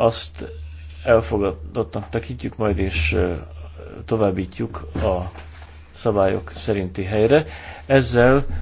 azt elfogadottnak tekintjük majd, és továbbítjuk a szabályok szerinti helyre. Ezzel